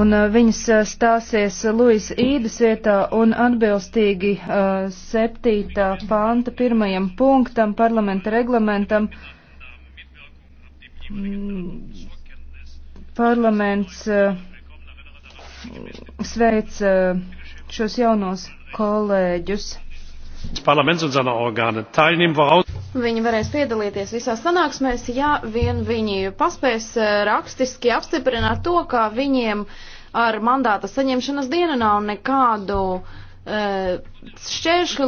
un uh, viņas uh, stāsies Luis Īdas vietā un atbilstīgi uh, 7. panta pirmajam punktam parlamenta reglamentam. Mm, parlaments uh, sveic uh, šos jaunos kolēģus. Parlaments un seine Organe teilnehmen voraus. Viņi varēs piedalīties visās sanāksmēs, ja vien viņi paspēs eh, rakstiski apstiprināt to, ka viņiem ar mandāta saņemšanas dienu nav nekādu uh, šķēršļu.